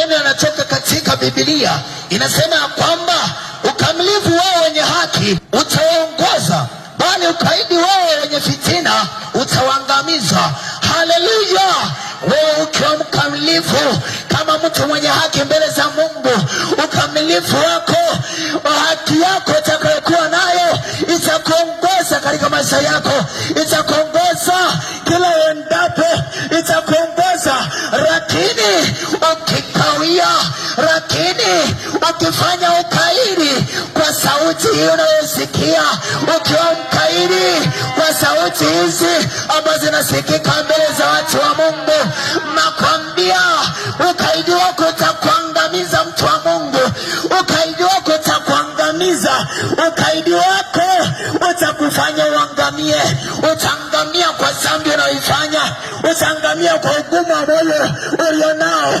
maneno yanatoka katika Biblia, inasema ya kwamba ukamilifu wao wenye haki utawaongoza, bali ukaidi wao wenye fitina utawaangamiza. Haleluya! Wewe ukiwa mkamilifu kama mtu mwenye haki mbele za Mungu, ukamilifu wako haki yako itakayokuwa nayo itakuongoza katika maisha yako, itakuongoza kila uendapo, itakuongoza lakini unasikia ukiwa ukiomkaidi kwa sauti hizi ambazo zinasikika mbele za watu wa Mungu, nakwambia ukaidi wako utakuangamiza, mtu wa Mungu, ukaidi wako utakuangamiza, ukaidi wako utakufanya uangamie, utaangamia kwa dhambi unaoifanya, utaangamia kwa ugumu wa moyo ulionao.